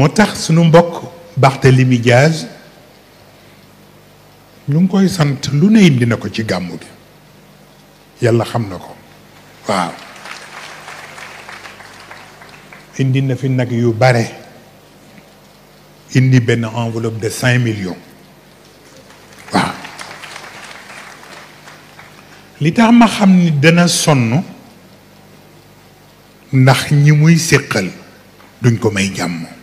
moo tax sunu mbokk Barthélemy Diaz ñu ngi koy sant lu ne indi na ko ci gàmmu gi yàlla xam na ko waaw indi na fi nag yu bare indi benn enveloppe de cinq millions waaw li tax ma xam ni dana sonn ndax ñi muy séqal duñ ko may jàmm